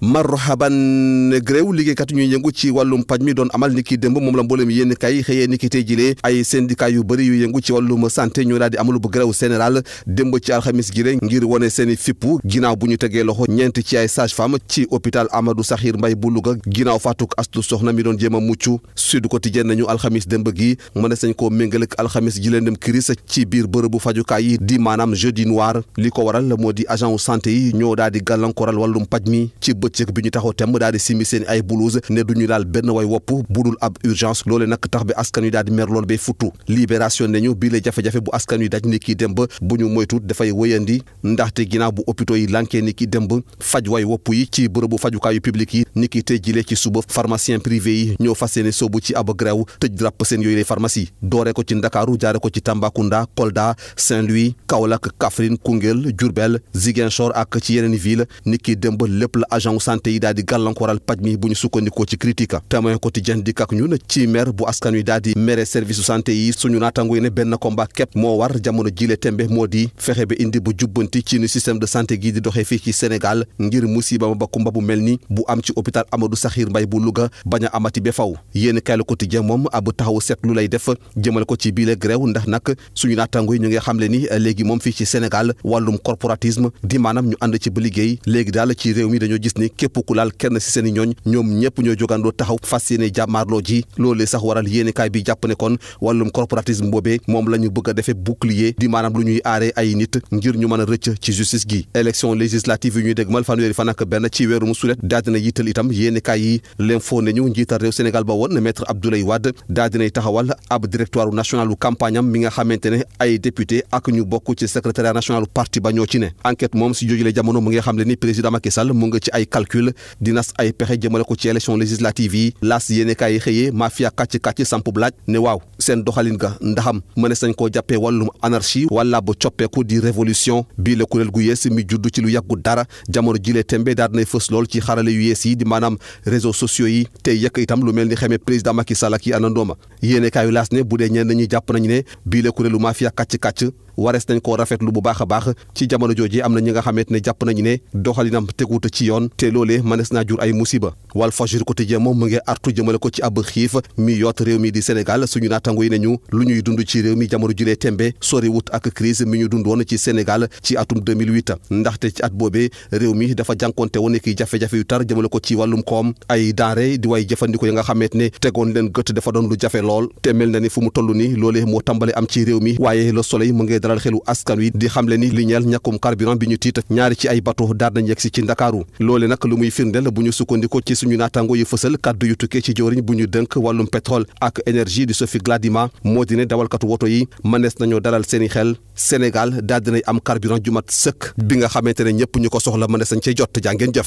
mar marhaban gréew liggéeykat ñuy yëngu ci wàllum paj mi doon amal ni ki démb moom la mbooleem yéen kayi xëyee ni ki tey jilee ay syndicat yu bëri yu yëngu ci wàllum sante ñoo daal di amalu bu gréew ci alxamis gi rek ngir wane seeni fippu ginnaaw bu ñu tegee loxo ñeent ci ay sage femme ci hôpital Amadou Sakhir mbay bu Louga ginnaaw faatuk astu soxna mi doon jéem a mucc Sud Quotidien nañu alxamis démb gi mën na koo méngalek alxamis ji leen dem kiris ci biir bërëbu fajukaay yi di maanaam jeudi noir li ko waral moo di agent santé yi ñoo daal di gàllankoral wàllum paj mi bëccëg bi ñu taxaw temm daal di simi seen ay blouse ne duñu laal benn way wopp budul ab urgence loole nag tax bi askan wi daal di lool bay futtu libération ne ñu bii la jafe-jafe bu askan wi daj ni kii dem ba moytu dafay wëyandi ndaxte ginnaaw bu yi lankee ni kii dem faj way wopp yi ci bërëbu fajukaayu public yi ni ki tey jile ci suba pharmacien privé yi ñoo fas yéene soobu ci ab grève tëj ràpp seen yooyu lay pharmacie doore ko ci Ndakaaru jaare ko ci Tambacounda Kolda Saint-Louis Kaolack Kaffrine Koungheul Diourbel Ziguinchor ak ci yeneen ville ni ki démb lépp la agent santé yi daal di gàllankooral paj mi bu ñu sukkandikoo ci critique Témoin Quotidien dikk ak ñun ci maire bu askan wi daal di maire service santé yi suñu naatango ne benn komba képp moo war jamono jile tembe moo di fexe ba indi bu jubbanti ci ni système de santé gi di doxee fii ci Sénégal ngir musiba ba kumba bu mel ni bu am ci hôpital Amadou Sakhir Mbaye bu Louga bañ a amati ba faw yéen kay Le Quotidien moom ab taxaw seetlu lay def jëmale ko ci biile grève ndax nag suñu naataango yi ñu ngi xamle ni léegi moom fii ci Sénégal wàllum corporatisme di maanaam ñu ànd ci ku laal kenn si seen i ñooñ ñoom ñëpp ñoo jógandoo taxaw fas yéene jàmmaarloo ji loolee sax waral yéen kaay bi jàpp ne kon wàllum corporatisme boobee moom la ñu bëgg a defee bouclier di maanaam lu ñuy aaree ay nit ngir ñu mën a rëcc ci justice gi élection législative yi ñuy dégmal fanweeri fan ak benn ci weeru sulet daal dina yittali itam yéeni kaay yi l'info ne njiital réew Sénégal ba woon maître Abdoulaye Wade daa dinay taxawal ab directoire national u mi nga xamante ne ay député ak ñu bokk ci secrétariat national parti ba ci ne enquête moom si jojule jamono mu ngi xam le ni président Macky Sall mu nga ci ay calcul di nas ay pexe jëmale ko ci élection législative yi laas yéeni kaay yi xëyee mafia kàcc-kàcc sampub laaj ne waaw seen doxalin ga ndaxam mën nañ la kuréel gu maanaam réseaux sociaux yi tey yëkk itam lu mel ni xamee président Macky Sall ak yi àndandooma yéene kaayu laas ne bu dee ñenn ñi jàpp nañ ne bii la kuréelu mafia kàcc-kàcc warees nañ koo rafetlu bu baax a baax ci jamono jooju am na ñi nga xamante ne jàpp nañu ne doxalinam teguut ci yoon te loolee mënees naa jur ay musiba Walf Fadjri quotidien moom mu ngi artu jëmale ko ci ab xiif mi yoot réew mi di Sénégal suñu naatango yi nañu lu ñuy dund ci réew mi jamono julee tembe sori wut ak crise mi ñu dund woon ci Sénégal ci atum 2008 ndaxte ci at boobee réew mi dafa jànkonte woon ki jafe-jafe yu tar jëmale ko ci wàllum koom ay denrée di way jëfandiko yi nga xamante ne tegoon leen gët dafa doon lu jafe lool te mel na ni fu mu toll ni loolee moo tàmbale am ci réew mi waaye dalal xelu askan wi di xamle ni li ñeel ñàkkum carburant bi ñu tiit ñaari ci ay bateau daar nañ yegsi ci ndakaaru loole nag lu muy firndeel bu ñu sukkandikoo ci suñu naataango yu fësal kàddu yu tukkee ci jëwriñ bu ñu dënk wàllum pétrole ak énergie di Sophie Gladima moo di ne dawalkatu woto yi mënees nañoo dalal seeni xel Sénégal daal dinay am carburant ju mat sëkk bi nga xamante ne ñëpp ñu ko soxla mënees nañ cey jot jàngeen jëf